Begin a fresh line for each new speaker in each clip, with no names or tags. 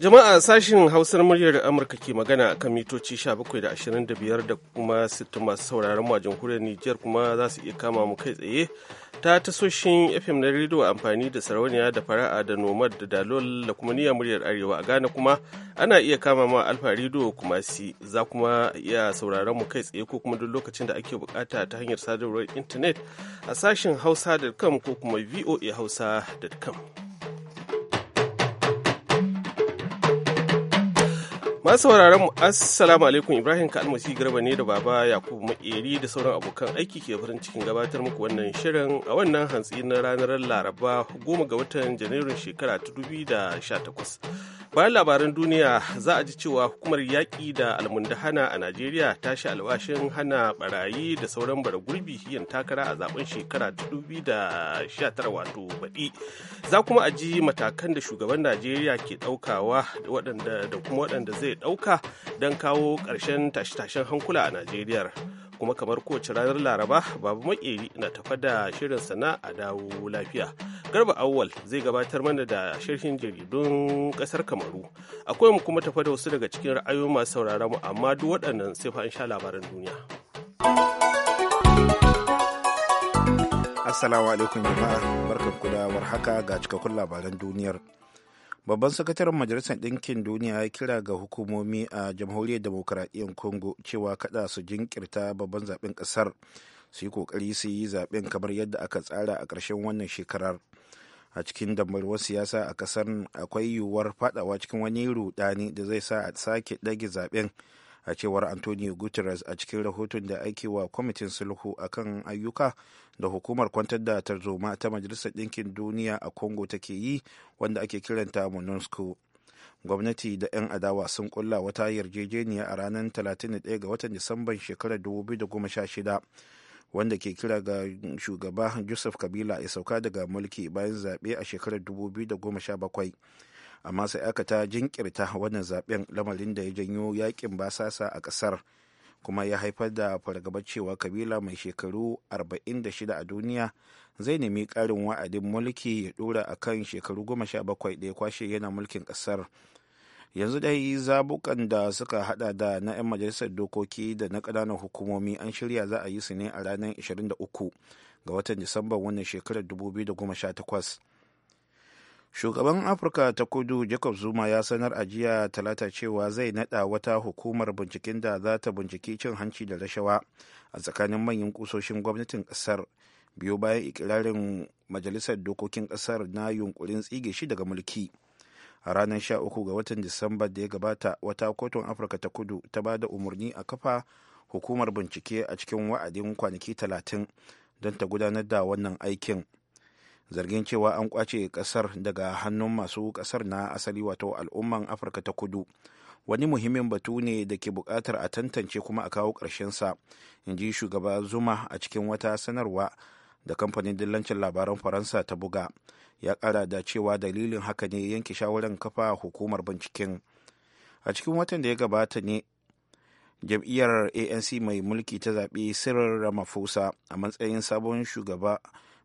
Jama'a sashin Hausar muryar Amurka ke magana kan mitoci 17 da 25 da kuma 60 masu sauraron mu a jamhuriyar Nijar kuma za su iya kama mu kai tsaye ta tasoshin FM na rediyo amfani da sarauniya da fara'a da nomad da dalol da kuma niyyar muryar Arewa a Ghana kuma ana iya kama ma Alfa rediyo kuma si za kuma iya sauraron mu kai tsaye ko kuma duk lokacin da ake bukata ta hanyar sadarwar intanet a sashin hausa.com ko kuma voahausa.com. Masu sauraron mu assalamu alaikum Ibrahim ka garba ne da baba Yakubu Ma'eri da sauran abokan aiki ke farin cikin gabatar muku wannan shirin a wannan hantsi na ranar Laraba goma ga watan Janairun shekara ta 2018. bayan labaran duniya za a ji cewa hukumar yaƙi da almundahana a najeriya ta shi alwashin hana barayi da sauran bara gurbi yin takara a zaben shekara 2019 wato baɗi za kuma a ji matakan da shugaban najeriya ke ɗaukawa da kuma waɗanda zai ɗauka don kawo ƙarshen tashe-tashen hankula a najeriya kuma kamar kowace ranar laraba babu makeri na tafa da shirin sana a dawo lafiya garba awwal zai gabatar mana da sharhin jaridun kasar kamaru akwai mu kuma tafa da wasu daga cikin ra'ayoyin masu sauraron mu amma duk waɗannan sai fa insha sha labaran duniya
assalamu alaikum jama'a barkanku da warhaka ga cikakkun labaran duniyar babban sakataren majalisar ɗinkin duniya ya kira ga hukumomi a jamhuriyar demokuraɗiyyar congo cewa kada su jinkirta babban zaben ƙasar su yi ƙoƙari su yi zaben kamar yadda aka tsara a ƙarshen wannan shekarar a cikin dambarwar siyasa a ƙasar akwai yiwuwar faɗawa cikin wani rudani da zai sa a sake ɗage zaben a cewar antonio guterres a cikin rahoton da aiki wa kwamitin sulhu a kan ayyuka da hukumar kwantar da tarzoma ta majalisar ɗinkin duniya a congo take yi wanda ake kiranta monusco gwamnati da 'yan adawa sun kulla wata yarjejeniya a ranar 31 ga watan disamban shekarar 2016 wanda ke kira ga shugaba joseph kabila ya sauka daga mulki bayan zaɓe a shekarar 2017 amma sai aka ta jinkirta wannan zaben lamarin da ya janyo yakin basasa a ƙasar kuma ya haifar da fargabar cewa kabila mai shekaru 46 a duniya zai nemi ƙarin wa'adin mulki ya dora a kan shekaru 17 da ya kwashe yana mulkin ƙasar yanzu dai zabukan da suka hada da na 'yan majalisar dokoki da na ƙananan hukumomi an shirya za a yi su ne a ranar 23 ga watan disambar wannan shekarar 2018 shugaban afirka ta kudu jacob zuma ya sanar a jiya talata cewa zai nada wata hukumar binciken da za ta binciki cin hanci da rashawa a tsakanin manyan kusoshin gwamnatin kasar biyo bayan ikirarin majalisar dokokin kasar na yunkurin tsige shi daga mulki a ranar sha uku ga watan disamba da ya gabata wata kotun afirka ta kudu ta ba da umarni a kafa hukumar bincike a cikin wa'adin kwanaki talatin don ta gudanar da wannan aikin zargin cewa an kwace kasar daga hannun masu kasar na asali wato al'umman afirka ta kudu wani muhimmin batu ne da ke buƙatar a tantance kuma a kawo ƙarshensa in ji shugaba zuma a cikin wata sanarwa da kamfanin dillancin labaran faransa ta buga ya kara da cewa dalilin haka ne yanke shawarar kafa hukumar binciken a cikin watan da ya gabata ne jam'iyyar anc mai mulki ta zaɓe sirar ramaphosa a matsayin sabon shugaba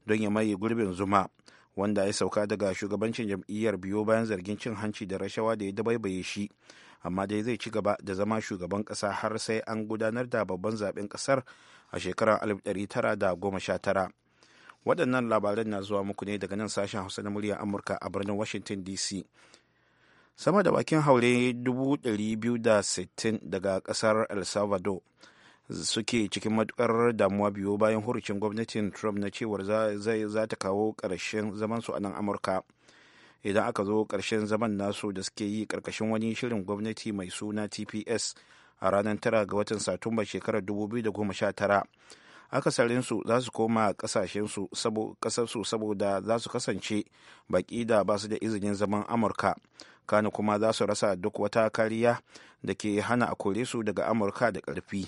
don ya maye gurbin zuma wanda ya sauka daga shugabancin jam'iyyar biyo bayan zargin cin hanci da rashawa da ya dabaibaye shi amma dai zai ci gaba da zama shugaban kasa har sai an gudanar da babban zaben kasar a shekarar alif tara da goma sha tara. waɗannan labaran na zuwa muku ne daga nan sashen hausa na muryar amurka a birnin washington dc sama da bakin haure sittin daga kasar el salvador suke cikin matukar damuwa biyu bayan hurucin gwamnatin trump na cewar za ta kawo ƙarshen zamansu a nan amurka idan aka zo ƙarshen zaman nasu da suke yi ƙarƙashin wani shirin gwamnati mai suna tps a ranar tara ga watan satumba shekarar 2019 akasarinsu za su koma kasashensu kasarsu saboda za su kasance baki da ba su da izinin zaman amurka kana kuma za su rasa duk wata kariya da ke hana a kore su daga amurka da ƙarfi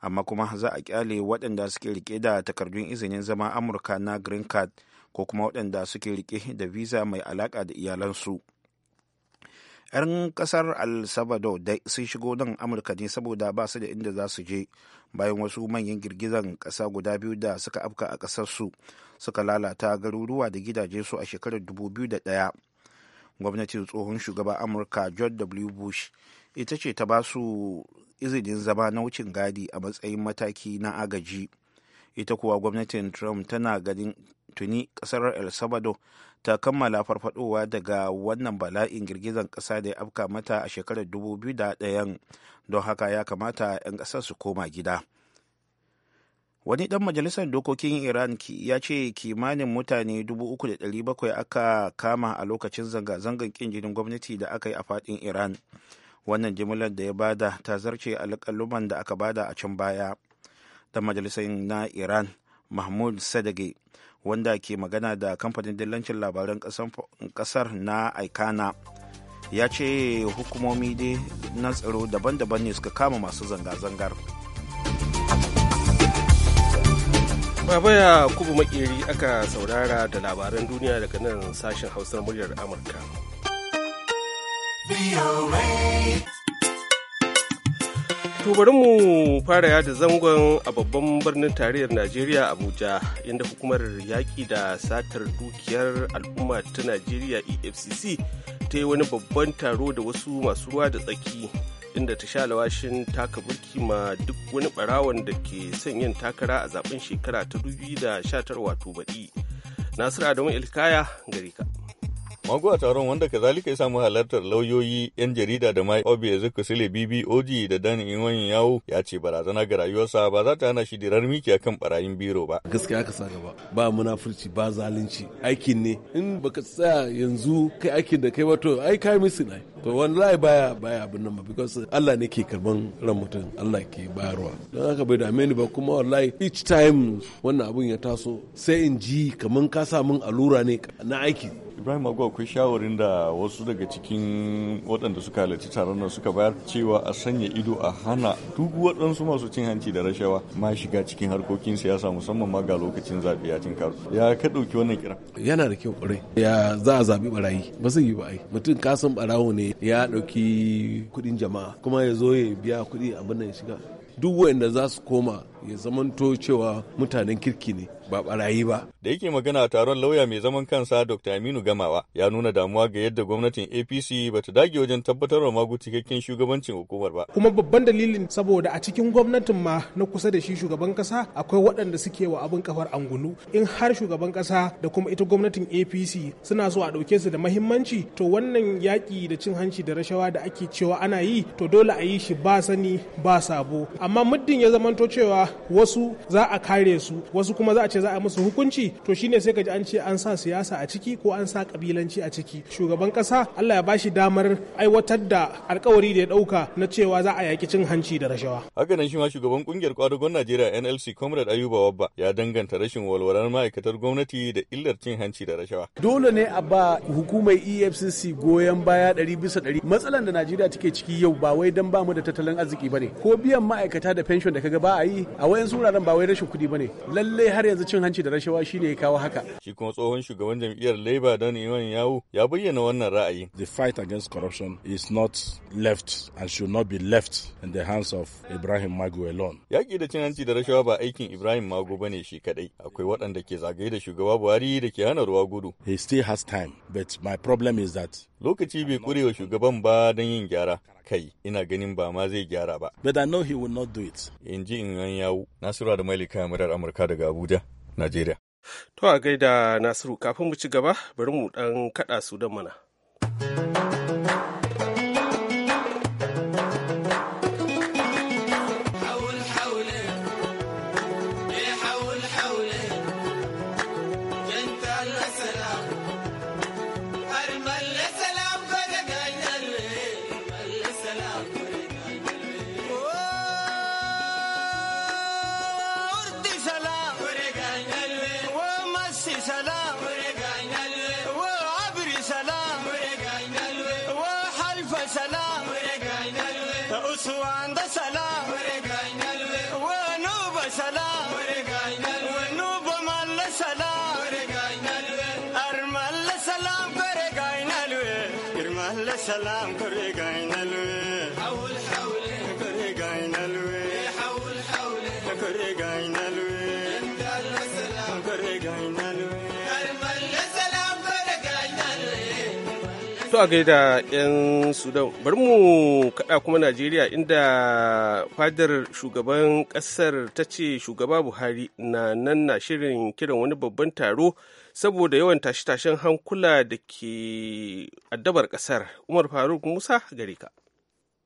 amma kuma za a kyale waɗanda suke rike da takardun izinin zama amurka na green card ko kuma waɗanda suke rike da visa mai alaƙa da iyalansu 'yan ƙasar el salvador sun shigo nan amurka ne saboda ba su da inda za su je bayan wasu manyan girgizan ƙasa guda biyu da suka afka a ƙasarsu suka lalata garuruwa da gidaje su a shekarar 2001 gwamnatin tsohon shugaba amurka george w bush ita ce ta ba su izinin zama na wucin gadi a matsayin mataki na agaji ita kuwa gwamnatin trump tana ganin tuni kasar el salvador ta kammala farfadowa daga wannan bala'in girgizan kasa da ya afka mata a shekarar 2001 don haka ya kamata 'yan kasar su koma gida wani dan majalisar dokokin iran ya ce kimanin mutane 3,700 aka kama a lokacin zanga-zangar kin jinin gwamnati da aka yi a fadin iran wannan jimlar da ya bada ta zarce alƙaluman da aka bada a can baya da majalisar na iran mahmud sadage wanda ke magana da kamfanin dillancin labaran kasar na aikana ya ce hukumomi dai na tsaro daban-daban ne suka kama masu zanga-zangar
babaya kubu makeri aka saurara da labaran duniya daga nan sashen hausar muryar amurka To mu fara yada zangon a babban birnin tarayyar Najeriya Abuja inda hukumar yaƙi da satar dukiyar al'umma ta Najeriya EFCC ta yi wani babban taro da wasu masu ruwa da tsaki inda ta sha lawashin taka burki ma duk wani barawon da ke son yin takara a zaben shekara ta 2019 wato baɗi. Nasiru Adamu Ilkaya gari ka.
Mago a taron wanda kazalika ya samu halartar lauyoyi, 'yan jarida da mai Obi Ezeku Sile BBOG da Dan Iwanyi Yawo ya ce barazana ga rayuwarsa ba za ta hana shi dirar miki akan barayin biro ba. Gaskiya aka sa gaba ba munafurci ba zalunci aikin ne in baka tsaya
yanzu kai aikin da kai to ai kai misi ne. To wallahi baya baya abin nan ba because Allah ne ke karban ran mutum Allah ke bayarwa. Don haka bai dame ni ba kuma wallahi each time
wannan abun ya taso sai in ji kaman ka sa min allura ne na aiki. ibrahim ago akwai shawarin da wasu daga cikin waɗanda suka halarci taron nan suka bayar cewa a sanya ido a hana duk waɗansu masu cin hanci da rashawa ma shiga cikin harkokin siyasa musamman ma ga lokacin zaɓe ya cin karo ya ka ɗauki wannan kira
yana da kyau ƙwarai ya za a zaɓi ɓarayi, ba zai yi ba ai mutum kasan ɓarawo ne ya ɗauki kuɗin jama'a kuma ya zo ya biya kuɗi abin nan ya shiga duk waɗanda za su koma ya zamanto cewa mutanen kirki ne ba barayi ba.
Da yake magana a taron lauya mai zaman kansa Dr. Aminu Gamawa ya nuna damuwa ga yadda gwamnatin APC ba ta dage wajen tabbatar da magu cikakken shugabancin hukumar ba.
Kuma babban dalilin saboda a cikin gwamnatin ma na kusa da shi shugaban kasa akwai waɗanda suke wa abin kafar angulu in har shugaban kasa da kuma ita gwamnatin APC suna so a ɗauke su da mahimmanci to wannan yaƙi da cin hanci da rashawa da ake cewa ana yi to dole a yi shi ba sani ba sabo amma muddin ya zamanto cewa wasu za a kare su wasu kuma za a ce za a musu hukunci to shine sai ka ji an ce an sa siyasa a ciki ko an sa kabilanci a ciki shugaban kasa Allah ya bashi damar aiwatar da alkawari da ya dauka na cewa za a yaki cin hanci da rashawa
haka nan shi ma shugaban kungiyar kwadugon Najeriya NLC Comrade Ayuba Wabba ya danganta rashin walwalar ma'aikatar gwamnati da illar cin hanci da rashawa
dole ne a ba hukumar EFCC goyon baya 100 bisa 100 matsalan da Najeriya take ciki yau ba wai dan ba mu da tattalin arziki bane ko biyan ma'aikata da pension da kaga ba a yi a wayan suraren ba wai rashin kuɗi bane lalle har yanzu cin hanci da rashawa shine ya kawo haka
shi kuma tsohon shugaban jam'iyyar Labour dan iman yawo ya bayyana wannan
ra'ayi the fight against corruption is not left and should not be left in the hands of Ibrahim Magu alone
yaki da cin hanci da rashawa ba aikin Ibrahim Magu bane shi kadai akwai waɗanda ke zagaye da shugaba Buhari da ke hana ruwa gudu
he still has time but my problem is that
lokaci bai kurewa shugaban ba don yin gyara kai ina ganin ba ma zai gyara ba. But I know he will not do it. In ji in an yawo. Nasiru da Malika Murar Amurka daga Abuja, Najeriya.
To a gaida Nasiru kafin mu ci gaba bari mu ɗan kaɗa su da mana.
سلام كري قاين الوي حول حول كري قاين الوي حول حول كري قاين الوي سلام كري قاين
To a gaida 'yan Sudan, bari mu kaɗa kuma Najeriya inda fadar shugaban ƙasar ta ce shugaba Buhari na nan na shirin kiran wani babban taro saboda yawan tashe-tashen hankula da ke addabar ƙasar umar faruk musa gare ka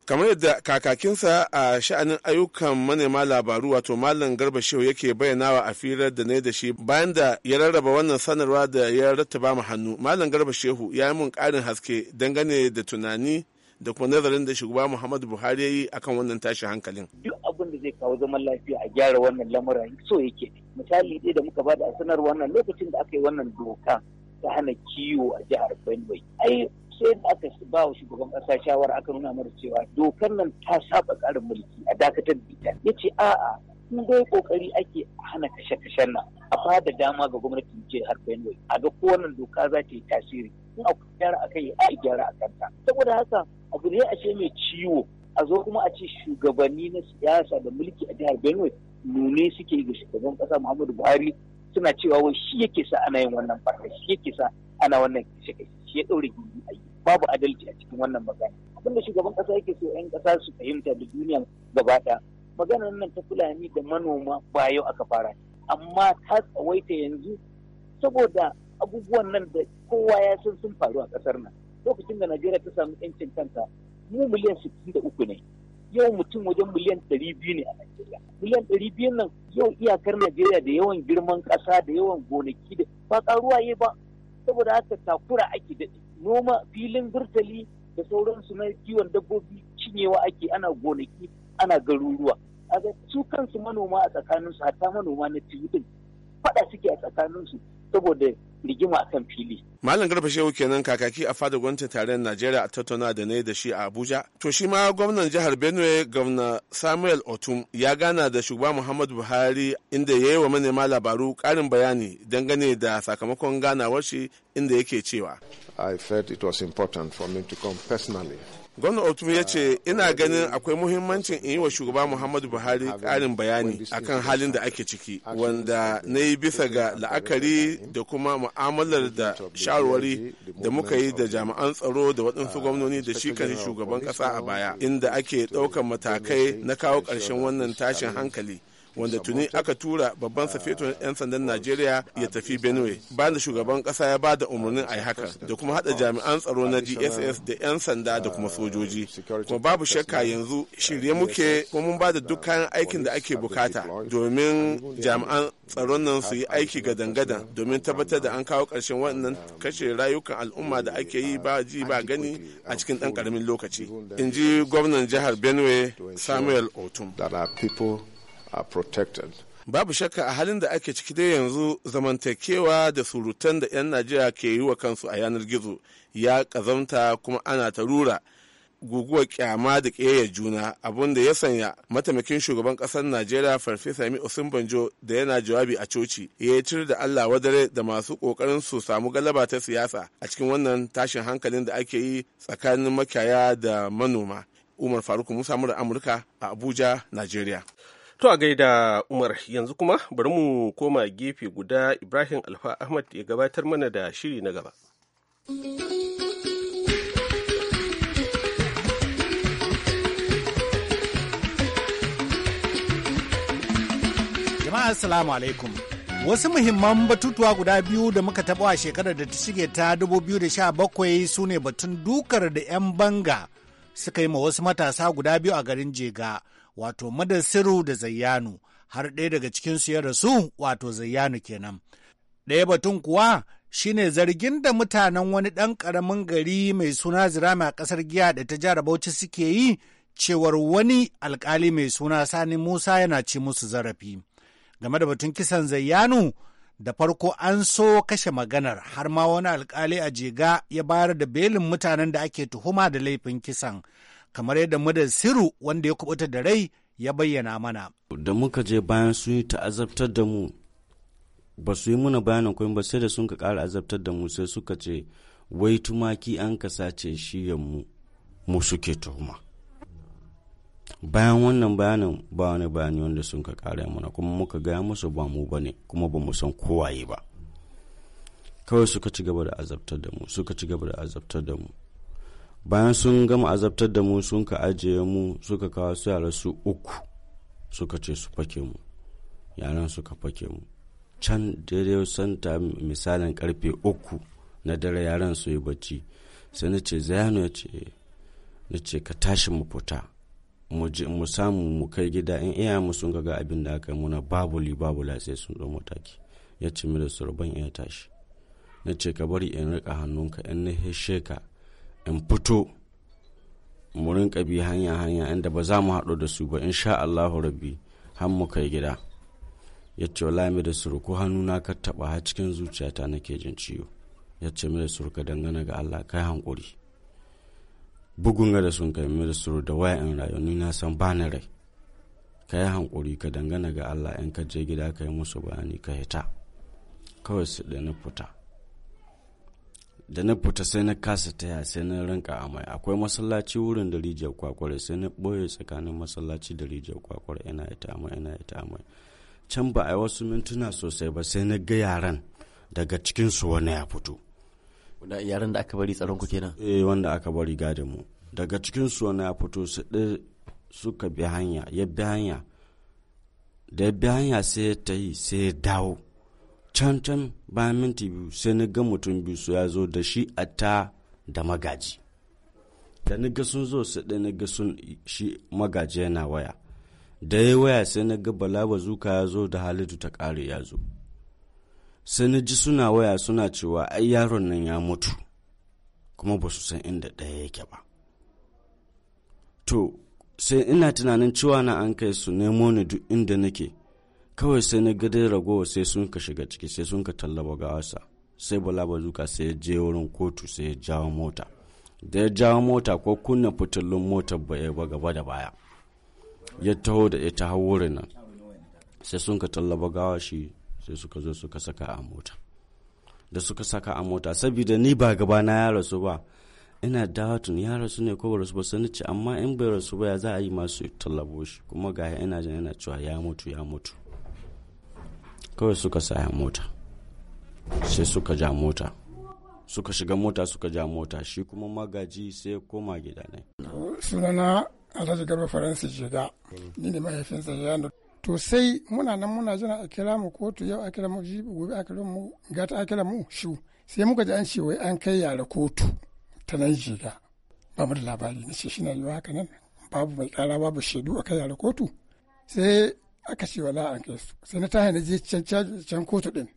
kamar yadda kakakinsa a sha'anin ayyukan manema labaru wato malam garba shehu yake bayyanawa a firar da ne da shi bayan da ya rarraba wannan sanarwa da ya rattaba mu hannu malam garba shehu ya yi mun ƙarin haske dangane da tunani da kuma nazarin da shugaba Muhammadu Buhari ya yi akan wannan tashi hankalin.
Duk abin da zai kawo zaman lafiya a gyara wannan lamura so yake. Misali dai da muka bada a sanar wannan lokacin da aka yi wannan doka ta hana kiwo a jihar Benue. Ai sai da aka ba wa shugaban ƙasa shawara aka nuna mana cewa dokar nan ta saba tsarin mulki a dakatar da ita. Ya ce a'a sun dai kokari ake hana kashe-kashen nan a fada dama ga gwamnatin jihar Benue a ga kowannan doka za ta yi tasiri in akwai gyara a kai a gyara a kanta saboda haka abu ne a ce mai ciwo a zo kuma a ce shugabanni na siyasa da mulki a jihar Benue nune suke ga shugaban kasa Muhammadu Buhari suna cewa wai shi yake sa ana yin wannan barka shi yake sa ana wannan kashe kashe shi ya daure gindi a yi babu adalci a cikin wannan magana abinda shugaban kasa yake so 'yan kasa su fahimta da duniya gaba ɗaya maganar nan ta fulani da manoma ba yau aka fara amma ta tsawaita yanzu saboda abubuwan nan da kowa ya san sun faru a ƙasar nan lokacin da najeriya ta samu yancin kanta mu miliyan sittin da uku ne yau mutum wajen miliyan ɗari biyu ne a najeriya miliyan ɗari biyu nan yau iyakar najeriya da yawan girman ƙasa da yawan gonaki da ba ƙaruwa yi ba saboda haka takura ake da noma filin birtali da sauransu na kiwon dabbobi cinyewa ake ana gonaki ana garuruwa su kansu manoma a tsakaninsu hatta manoma na filin faɗa suke a tsakaninsu saboda rigima a kan fili.
Malam Garba Shehu kenan kakaki a fadar gwamnatin tarayyar Najeriya a tattauna da ne da shi a Abuja. To shi ma gwamnan jihar Benue gwamna Samuel Otum ya gana da shugaba Muhammadu Buhari inda ya yi wa manema labaru ƙarin bayani dangane da sakamakon ganawar shi inda yake cewa. I felt it was important for me to come personally Gwamnan otu ya ce ina ganin akwai muhimmancin in yi wa shugaba muhammadu buhari karin bayani akan halin da ake ciki wanda na yi bisa ga la'akari da kuma mu'amalar da shawarwari da muka yi da jami'an tsaro da waɗansu gwamnoni da shi kan shugaban ƙasa a baya inda ake ɗaukar matakai na kawo ƙarshen wannan tashin hankali wanda tuni aka tura babban safetun 'yan sandan najeriya ya tafi benue ba da shugaban kasa ya ba da umarnin a yi haka da kuma hada jami'an tsaro na dss da 'yan sanda da kuma sojoji kuma babu shakka yanzu shirye muke kuma mun ba da duk kayan aikin da ake bukata domin jami'an tsaron nan su yi aiki ga dangadan domin tabbatar da an kawo ƙarshen wannan kashe rayukan al'umma da ake yi ba ji ba gani a cikin ɗan ƙaramin lokaci in ji gwamnan jihar benue samuel otum are protected. Babu shakka a halin da ake ciki dai yanzu zamantakewa da surutan da 'yan Najeriya ke yi wa kansu a yanar gizo ya kazanta kuma ana ta rura guguwar kyama da ƙeyar juna abun da ya sanya mataimakin shugaban ƙasar Najeriya Farfesa Mi Osunbanjo da yana jawabi a coci ya yi da Allah wadare da masu ƙoƙarin su samu galaba ta siyasa a cikin wannan tashin hankalin da ake yi tsakanin makiyaya da manoma. Umar Faruk Musa Amurka a Abuja, Najeriya.
To a gaida Umar yanzu kuma bari mu koma gefe guda Ibrahim Alfa Ahmad ya gabatar mana da shiri na gaba.
Jama'a Assalamu alaikum. Wasu muhimman batutuwa guda biyu da muka taɓa a shekarar da ta shige ta 2017 su ne batun dukar da 'yan banga suka yi ma wasu matasa guda biyu a garin Jega. wato madasiru da zayyanu har ɗaya daga cikinsu ya rasu wato zayyanu kenan. Ɗaya batun kuwa shine zargin da mutanen wani ɗan ƙaramin gari mai suna zirama a ƙasar giya da ta jihar Bauchi suke yi cewar wani alkali mai suna Sani Musa yana ci musu zarafi. Game da batun kisan zayyanu da farko an so kashe maganar har ma wani alƙali a jega ya bayar da belin mutanen da ake tuhuma da laifin kisan kamar yadda madar siru wanda ya kubuta da rai ya bayyana mana.
Da muka je bayan sun yi ta'azabtar da mu ba su yi muna bayanin kuma ba sai da sun ka ƙara azabtar da mu sai suka ce wai tumaki an ka sace shiyan mu mu suke tuhuma. Bayan wannan bayanin ba wani bayani wanda sun ka ƙara mana kuma muka gaya musu ba mu ba ne kuma ba mu san kowaye ba. Kawai suka ci gaba da azabtar da mu suka ci gaba da azabtar da mu. bayan sun gama azabtar da mu sun ka ajiye mu suka kawo su yara su uku suka ce su fake mu yaran suka fake mu can daidai santa misalin karfe uku na dare yaran su yi bacci sai na ce zayano ya ce na ce ka tashi mu fita mu samu mu kai gida in iya mu sun ga abin da aka yi muna babu li babu sai sun ɗau mataki ya ce mi da surban iya tashi na ce ka bari in rika hannunka in na heshe ka in fito murin rinka bi hanya hanya inda ba za mu haɗu da su ba in Allahu rabbi har mu kai gida ya ce wala mai da suruku hannuna ka taɓa har cikin zuciyata nake jin ciwo ya ce mai da suruka dangane ga Allah kai hankuri bugun ga da sun kai mai da suru da waya in rayu ni na san ba rai ka yi hankuri ka dangana ga Allah in ka je gida ka yi musu bayani ka hita kawai su da na fita da na fita sai na kasa taya sai na rinka amai akwai masallaci wurin da rijiyar kwakwar sai na ɓoye tsakanin masallaci da rijiyar kwakwar ina ita amai ina ita amai can ba a yi wasu mintuna sosai ba sai na ga yaran daga cikinsu wani ya fito wanda yaran da aka bari tsaron ku kenan eh wanda aka bari gadin mu daga cikinsu wani ya fito su ɗi suka bi hanya ya bi hanya da ya bi hanya sai ya yi sai ya dawo can bayan minti biyu sai na ga mutum biyu su ya zo da shi a ta da magaji da na ga sun zo su ɗaya na ga sun shi magaji yana waya da ya waya sai na ga bala bazuka ya zo da halidu ta ƙare ya zo sai na ji suna waya suna cewa ai yaron nan ya mutu kuma ba su san inda ɗaya yake ba to sai ina tunanin cewa na an kai su nemo ni duk inda nake kawai sai na gadin ragowa sai sun ka shiga ciki sai sun ka tallaba gawarsa sai bala bazuka sai ya je wurin kotu sai ya jawo mota da ya jawo mota ko kunna fitilun mota ba ba gaba da baya ya taho da ita har wurin nan sai sun ka tallaba gawa shi sai suka zo suka saka a mota da suka saka a mota saboda ni ba gaba na ya rasu ba ina dawatun ya rasu ne ko ba rasu ba sani ce amma in bai rasu ba ya za a yi masu tallabo shi kuma ga ina jin yana cewa ya mutu ya mutu kawai suka saya mota sai suka ja mota suka shiga mota suka ja mota shi kuma magaji sai koma gida ne
sunana alhaji garba faransi shiga ni ne mahaifinsa ya to sai muna nan muna jina a kira mu kotu yau a kira mu jibi gobe a kira mu gata a kira mu shu sai muka ji an ce wai an kai yara kotu ta nan shiga ba mu da labari na ce shi na yi haka nan babu mai tsara babu shaidu a kai yara kotu sai aka ce wala an kai su sai na tahi na je can kotu din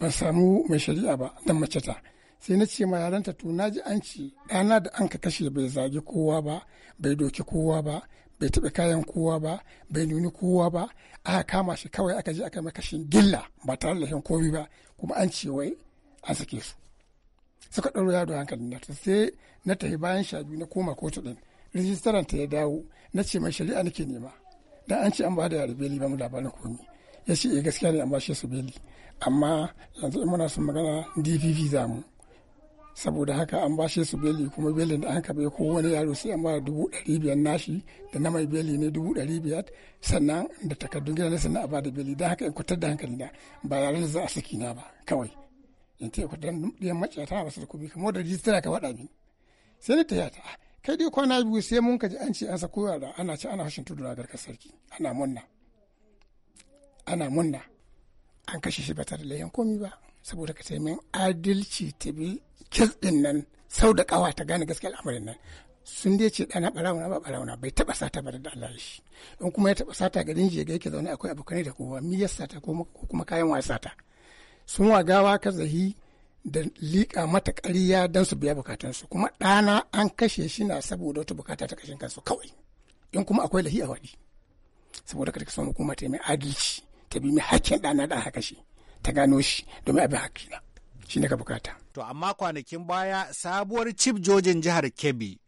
ban samu mai shari'a ba dan mace ta sai na ce ma yaranta to na ji an ci ɗana da an ka kashe bai zagi kowa ba bai doki kowa ba bai taɓa kayan kowa ba bai nuni kowa ba aka kama shi kawai aka je aka makashin gilla ba tare da shan komi ba kuma an ce wai an sake su suka ɗauro yaro hankali na ta sai na tafi bayan sha na koma kotu ɗin rijistaran ta ya dawo na ce mai shari'a nake nema da an ce an ba da beli ba mu labarin komi ya ce eh gaskiya ne an ba shi su beli amma yanzu in muna son magana dpp za mu saboda haka an ba shi su beli kuma belin da an kabe ko wani yaro sai an ba dubu ɗari biyar nashi da na mai beli ne dubu ɗari biyar sannan da takardun gida ne sannan a ba da beli don haka in kwatar da hankali na ba yaran za a saki na ba kawai in ce kwatar da mace ta ba su da kubi kamar da jisira ka faɗa min sai ni ta yata kai dai kwana biyu sai mun kaji an ce an sako yara ana ci ana hashin tudu ragar sarki ana munna ana munna an kashe shi ba tare da yan komi ba saboda ka taimin adalci ta bi kis din nan sau da kawa ta gane gaskiyar al'amarin nan sun dai ce ɗana ɓarauna ba ɓarauna bai taɓa sata ba da Allah shi in kuma ya taɓa sata garin jiya ga yake zaune akwai abokanai da kowa mi ya sata ko kuma kayan wasa sata sun gawa ka zahi da liƙa mata ƙarya don su biya bukatansu kuma ɗana an kashe shi na saboda wata bukata ta kashin kansu kawai in kuma akwai lahi a waɗi saboda ka son hukuma ta yi mai adalci ta bi mai hakkin ɗana da aka kashe ta gano shi domin abin na shi ne ka bukata.
to amma kwanakin baya sabuwar cif jojin jihar kebbi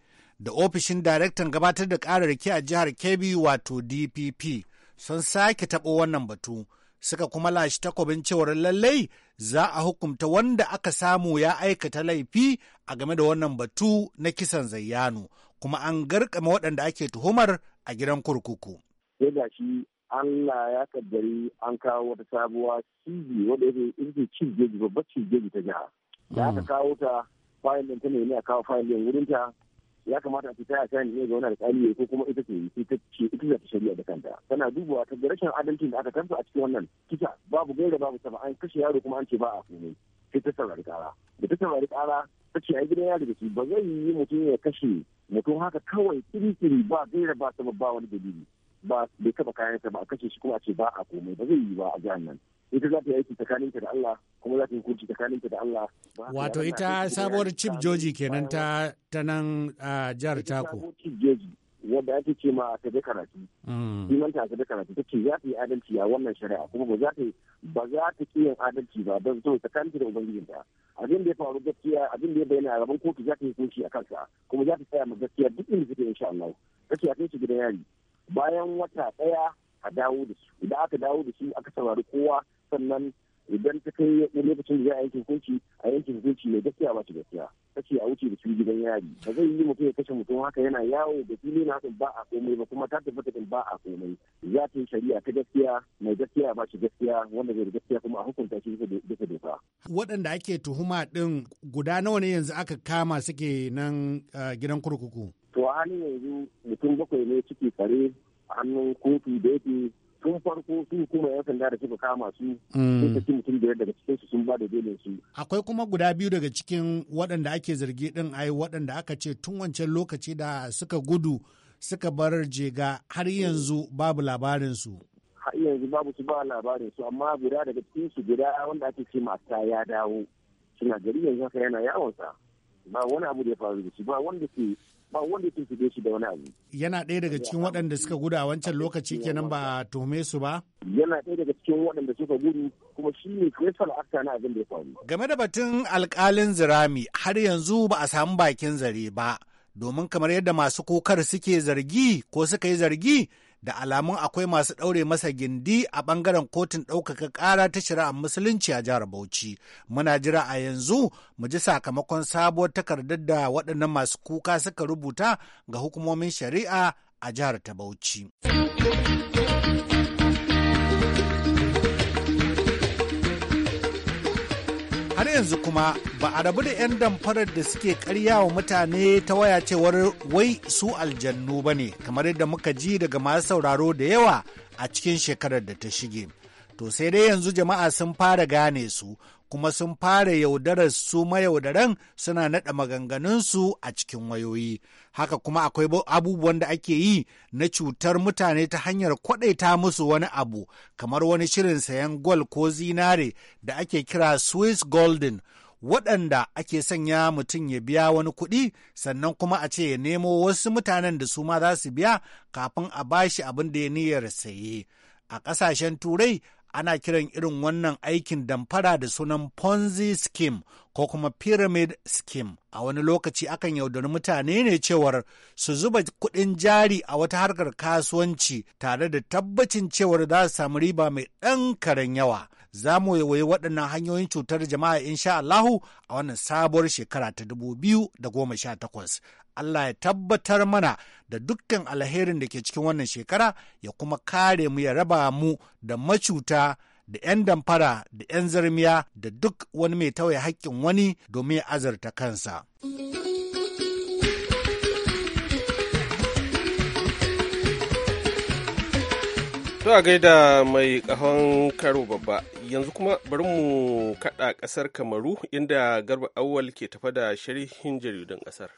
da ofishin daraktan gabatar da ƙararraki a jihar kebbi wato dpp sun sake taɓo wannan batu. suka kuma lashi takobin cewar lallai za a hukumta wanda aka samu ya aikata laifi a game da wannan batu na kisan zayyanu kuma an garkama waɗanda ake tuhumar a gidan kurkuku.
Sai ga shi Allah ya kaddari an kawo wata sabuwa cibi wadda yake ita cibiyoyi babbar cibiyoyi ta jiha. Da aka hmm. kawo ta fayil ɗin ta ne a kawo fayil ɗin wurinta ya kamata a fita a kan ne ga wani alƙali ko kuma ita ce ita ce ita ce shari'a da kanta tana dubawa ta rashin adalci da aka tarsa a cikin wannan kisa babu gaira babu sama an kashe yaro kuma an ce ba a komai sai ta saurari kara da ta saurari kara ta ce a gidan yaro da shi ba zai yi mutum ya kashe mutum haka kawai kirkiri ba gaira ba sama ba wani dalili ba bai kayan kayansa ba a kashe shi kuma a ce ba a komai ba zai yi ba a jihar nan ita za ta yi aiki tsakaninta da Allah kuma za ta yi kurci tsakaninta da Allah. Wato ita sabuwar
Chief Joji kenan ta ta nan jihar Tako. Chief Joji wadda ake ce ma ta da karatu.
Iman
mm. ta da karatu ta ce za ta yi adalci a wannan shari'a kuma ba za ta ba za ta ki yin adalci ba don zo tsakaninta da ubangijinta. Abin da ya faru gaskiya abin da ya bayyana a gaban kotu za ta yi kunshi a kansa kuma za ta tsaya ma gaskiya duk inda suke insha Allah. a kai shi gidan yari. Bayan wata ɗaya a dawo da su idan aka dawo da su aka saurari kowa sannan idan ta kai lokacin da za a yankin hukunci a yankin hukunci mai gaskiya ba ta gaskiya ta a wuce da su gidan yari ba zai yi mutum ya kashe mutum haka yana yawo da fili na ba a komai ba kuma ta tabbata din ba a komai za ta yi shari'a ta gaskiya mai gaskiya ba shi gaskiya wanda zai gaskiya kuma a hukunta shi bisa doka.
waɗanda ake tuhuma ɗin guda nawa ne yanzu aka kama suke nan ah, gidan kurkuku.
to a halin yanzu mutum bakwai ne ciki kare. hannun kofi da yake tun farko sun kuma yan sanda da suka kama su mm. sun ci mutum biyar daga cikin su sun ba da belin su
akwai kuma guda biyu daga cikin waɗanda ake zargi din ai waɗanda aka ce tun wancan lokaci da suka gudu suka bar jega har yanzu babu labarin su
har yanzu babu su ba labarin su amma guda daga cikin su guda wanda ake ce mata ya dawo suna gari yanzu haka yana yawon sa ba wani abu da ya faru da shi ba wanda ke ba wanda ya tuntube shi da wani abu.
Yana ɗaya daga cikin waɗanda suka gudu a wancan lokaci kenan ba a tuhume su ba? Yana ɗaya daga cikin waɗanda suka gudu kuma shi ne
sa akta na abin da ya faru.
Game da batun alƙalin zirami har yanzu ba a samu bakin zare ba. Domin kamar yadda masu kokar suke zargi ko suka yi zargi da alamun akwai masu ɗaure masa gindi a ɓangaren kotun ɗaukaka ƙara ta shari'ar musulunci a jihar Bauchi. Muna jira a yanzu mu ji sakamakon sabuwar takardar da waɗannan masu kuka suka rubuta ga hukumomin shari'a a jihar ta Bauchi. har yanzu kuma ba a rabu da 'yan damfarar da suke karya wa mutane ta waya cewar wai su aljannu ba ne kamar yadda muka ji daga masu sauraro da yawa a cikin shekarar da ta shige to sai dai yanzu jama'a sun fara gane su kuma sun fara yaudarar su mayaudaran suna naɗa maganganunsu a cikin wayoyi. Haka kuma akwai abubuwan da ake yi na cutar mutane ta hanyar kwaɗaita musu wani abu, kamar wani shirin sayan gol ko zinare da ake kira Swiss Golden. waɗanda ake sanya mutum ya biya wani kuɗi sannan kuma a ce ya nemo wasu mutanen da su ma za su biya kafin a bashi abin da ya niyar saye. A ƙasashen Turai ana kiran irin wannan aikin damfara da sunan ponzi scheme ko kuma pyramid scheme a wani lokaci akan yaudari mutane ne cewar su zuba kudin jari a wata harkar kasuwanci tare da tabbacin cewar za su samu riba mai ɗan karen yawa za mu yawaye waɗannan hanyoyin cutar jama'a insha Allahu a wannan sabuwar shekara ta 2018 Allah ya tabbatar mana da dukkan alherin da ke cikin wannan shekara ya kuma kare mu ya raba mu da macuta da 'yan damfara da 'yan zarmiya da duk wani mai tawaye haƙƙin wani domin ya azarta kansa.
To a gaida mai kahon karo babba yanzu kuma bari mu kaɗa ƙasar Kamaru inda garba awwal ke tafa da sharihin jaridun ƙasar.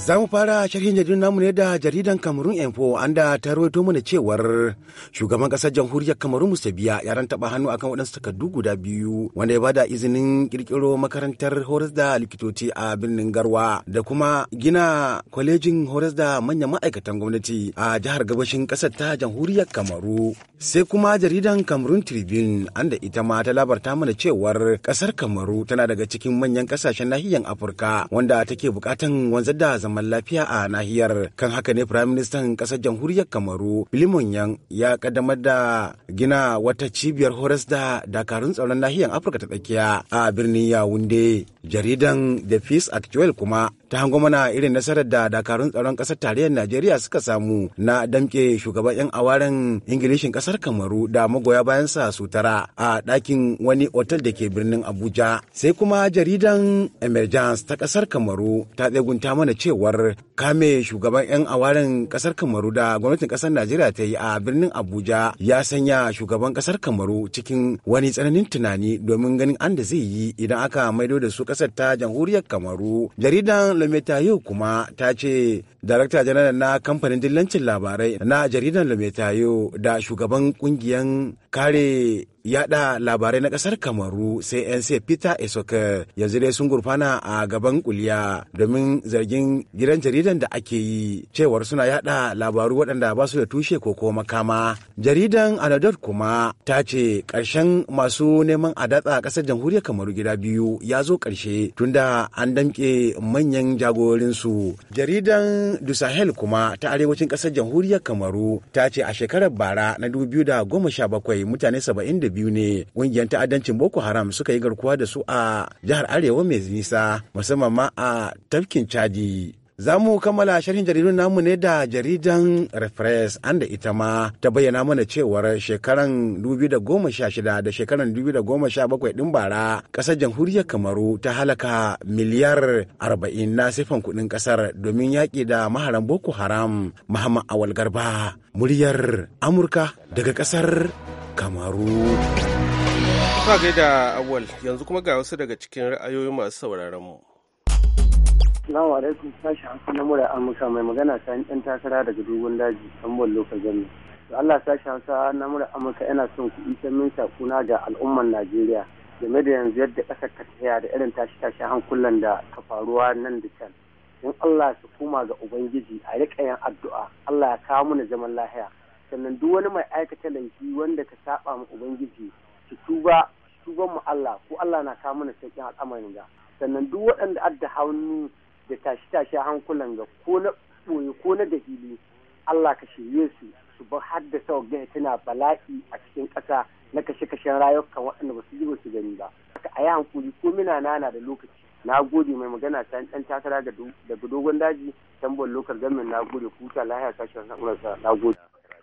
Za mu fara sharhin jaridun namu ne da jaridan Kamarun Info an da ta rawaito mana cewar shugaban kasar jamhuriyar mu Musa Biya ya ran taba hannu akan waɗansu takardu guda biyu wanda ya bada izinin kirkiro makarantar horas da likitoci a birnin Garwa da kuma gina kwalejin horas da manyan ma'aikatan gwamnati a jihar gabashin kasar ta jamhuriyar Kamaru. Sai kuma jaridan Kamarun Tribune an da ita ma ta labarta mana cewar kasar Kamaru tana daga cikin manyan kasashen nahiyar Afirka wanda take bukatan wanzar da zaman lafiya a nahiyar kan haka ne firayim ministan kasar jamhuriyar kamaru bilimon yan ya kaddamar da gina wata cibiyar horas da dakarun tsaron nahiyar afirka ta tsakiya a birnin yawunde jaridan the peace actual kuma ta hango mana irin nasarar da dakarun tsaron kasar tarayyar najeriya suka samu na damke shugaban yan awaren ingilishin ƙasar kamaru da magoya bayansa su tara a ɗakin wani otal da ke birnin abuja sai kuma jaridan emergence ta ƙasar kamaru ta tsegunta mana cewa ganawar kame shugaban 'yan awarin kasar kamaru da gwamnatin kasar najeriya ta yi a birnin abuja ya sanya shugaban kasar kamaru cikin wani tsananin tunani domin ganin an da zai yi idan aka maido da su kasar ta jamhuriyar kamaru jaridan lometa yau kuma ta ce darakta janar na kamfanin dillancin labarai na jaridan lometa yau da shugaban kungiyan kare yada labarai na kasar kamaru sai yan sai peter esoka yanzu dai sun gurfana a gaban kuliya domin zargin gidan jaridan da ake yi cewar suna yada labaru waɗanda ba su da tushe ko ko makama jaridan anadot kuma ta ce ƙarshen masu neman a datsa ƙasar jamhuriyar kamaru gida biyu ya zo ƙarshe tunda an damƙe manyan jagorinsu jaridan du sahel kuma ta arewacin ƙasar jamhuriyar kamaru ta ce a shekarar bara na goma sha bakwai. bakwai mutane saba'in da biyu ne ƙungiyar ta'addancin boko haram suka yi garkuwa da su a jihar arewa mai nisa musamman ma a tafkin chadi Za mu kammala sharhin jaridun namu ne da jaridan Refresh da ita ma ta bayyana mana cewar shekaran 2016 da shekaran 2017 din bara ƙasar jamhuriyar Kamaru ta halaka miliyar 40 na siffan kuɗin ƙasar domin yaƙi da maharan Boko Haram Muhammad Awal Garba muryar Amurka daga ƙasar kamaru
gai da awal yanzu kuma ga wasu daga cikin ra'ayoyin masu sauraron mu Salamu
alaikum sashi Hausa na mura Amurka mai magana ta yan takara daga dogon daji Ambon Local Government. da Allah sashi Hausa na mura Amurka yana son kuɗi ta min sakuna ga al'umman Najeriya game da yanzu yadda ƙasar ka tsaya da irin tashi tashi hankulan da ka faruwa nan da can. In Allah su koma ga Ubangiji a riƙa yin addu'a Allah ya kawo mana zaman lahiya. sannan duk wani mai aikata laifi wanda ka saba ma ubangiji su tuba tuban mu Allah ko Allah na kawo mana sauƙin al'amarin ga sannan duk waɗanda adda hannu da tashi tashi hankulan ga ko na ɓoye ko na dalili Allah ka shirye su su bar haddasa wa tana bala'i a cikin ƙasa na kashe-kashen rayukan waɗanda ba su ji ba su gani ba a yi hankuli ko mina nana da lokaci na gode mai magana ta ɗan takara daga dogon daji tambon lokar gamin na gode kuta lahiya sashen na gode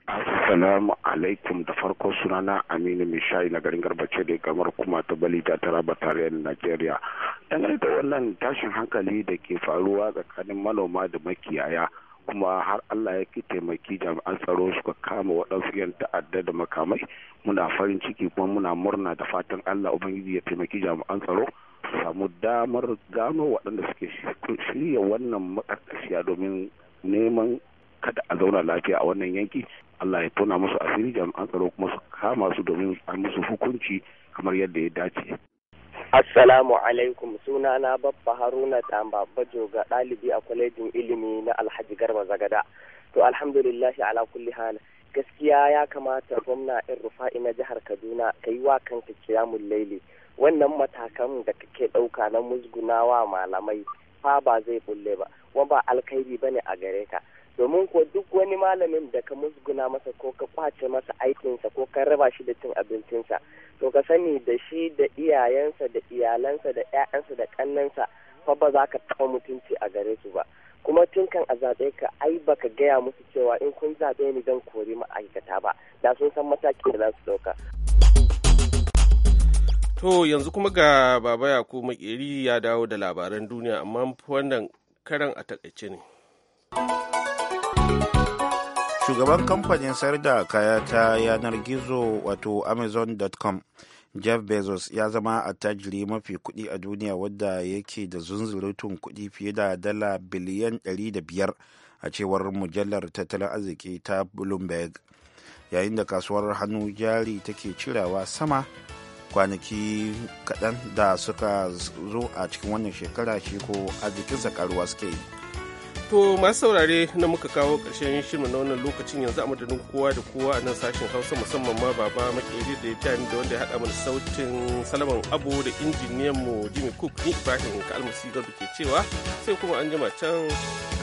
Assalamu alaikum da farko sunana Aminu Mishayi na garin Garbace da kamar kuma ta bali ta taraba tarayyar Najeriya. Dangane da wannan tashin hankali da ke faruwa tsakanin manoma da makiyaya kuma har Allah ya ki taimaki jami'an tsaro suka kama waɗansu yan ta'adda da makamai muna farin ciki kuma muna murna da fatan Allah Ubangiji ya taimaki jami'an tsaro su samu damar gano waɗanda suke shirya wannan makarƙashiya domin neman kada a zauna lafiya a wannan yanki Allah ya tona musu asiri jami'an tsaro kuma su kama su domin a musu hukunci kamar yadda ya dace. Assalamu alaikum suna na babba Haruna Tamba Bajo ga ɗalibi a kwalejin ilimi na Alhaji Garba Zagada. To alhamdulillahi ala kulli hal gaskiya ya kamata gwamna in rufa'i na jihar Kaduna ka yi wa kanka kiyamun laili. Wannan matakan da kake ɗauka na musgunawa malamai fa ba zai bulle ba, wa ba alkhairi bane a gare ka. domin ko duk wani malamin da ka musguna masa ko ka kwace masa aikinsa ko ka raba shi da cin abincinsa to ka sani da shi da iyayensa da iyalansa da 'ya'yansa da kannansa fa ba za ka taɓa mutunci a gare su ba kuma tun kan a zaɓe ka ai baka gaya musu cewa in kun zaɓe ni zan kori ma'aikata ba da sun san matakin da za su ɗauka.
To yanzu kuma ga Baba ko Makeri ya dawo da labaran duniya amma wannan karan a takaice ne.
shugaban kamfanin sayar da kaya ta yanar gizo wato amazon.com jeff bezos ya zama attajiri mafi kudi a duniya wadda yake da zunzurutun kudi fiye da dala biliyan 500 a cewar mujallar tattalin arziki ta bloomberg yayin da kasuwar hannu jari take cirawa sama kwanaki kaɗan da suka zo a cikin wannan shekara shi ko arzikinsa karuwa suke yi
To masu saurare na muka kawo ƙarshen shirin na wannan lokacin yanzu a madadin kowa da kowa a nan sashen Hausa musamman ma baba makeri da ya ni da wanda ya haɗa mana sautin Salaman Abu da injiniyan mu Jimmy Cook ni Ibrahim Kalmasi ga ke cewa sai kuma an jima can